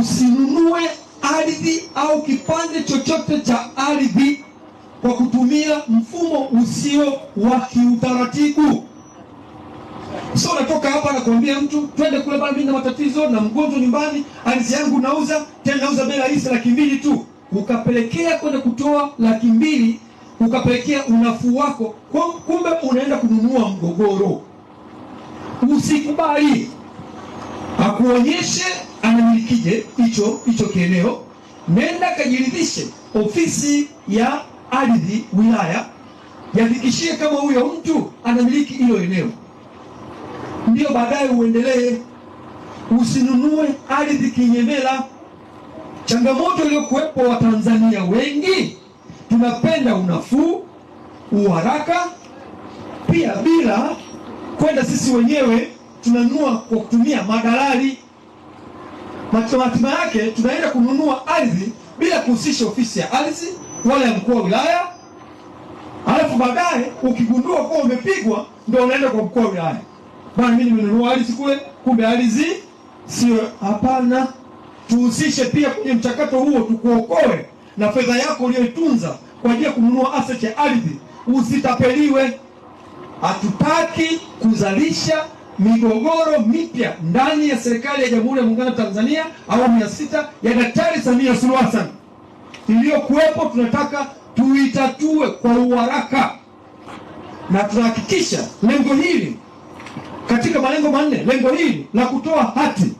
usinunue ardhi au kipande chochote cha ardhi kwa kutumia mfumo usio wa kiutaratibu. So natoka hapa nakwambia mtu twende kule bana, mimi na matatizo na mgonjwa nyumbani, ardhi yangu nauza, tena nauza bei rahisi, laki mbili tu, ukapelekea kwenda kutoa laki mbili, ukapelekea unafuu wako, kumbe unaenda kununua mgogoro. Usikubali akuonyeshe kije hicho hicho kieneo, nenda kajiridhishe ofisi ya ardhi wilaya, yafikishie kama huyo mtu anamiliki hilo eneo, ndio baadaye uendelee. Usinunue ardhi kinyemela. Changamoto iliyokuwepo, Watanzania wengi tunapenda unafuu, uharaka, pia bila kwenda sisi wenyewe tunanunua kwa kutumia madalali. Hatima yake tunaenda kununua ardhi bila kuhusisha ofisi ya ardhi wala ya mkuu wa wilaya, alafu baadaye ukigundua kuwa umepigwa ndio unaenda kwa mkuu wa wilaya, bwana, mimi nimenunua ardhi kule, kumbe ardhi sio. Hapana, tuhusishe pia kwenye mchakato huo, tukuokoe na fedha yako uliyoitunza kwa ajili ya kununua asset ya ardhi usitapeliwe. Hatutaki kuzalisha migogoro mipya ndani ya serikali ya Jamhuri ya Muungano wa Tanzania awamu ya sita ya Daktari Samia Suluhu Hassan iliyokuwepo, tunataka tuitatue kwa uharaka na tunahakikisha lengo hili katika malengo manne, lengo hili la kutoa hati,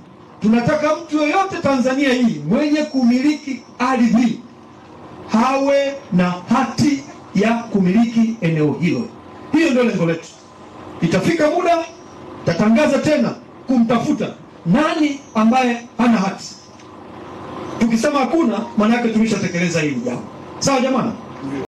tunataka mtu yoyote Tanzania hii mwenye kumiliki ardhi hawe na hati ya kumiliki eneo hilo. Hiyo ndio lengo letu. Itafika muda tatangaza tena kumtafuta nani ambaye hana hati. Tukisema hakuna, maana yake tumeshatekeleza hili jambo. Sawa jamani?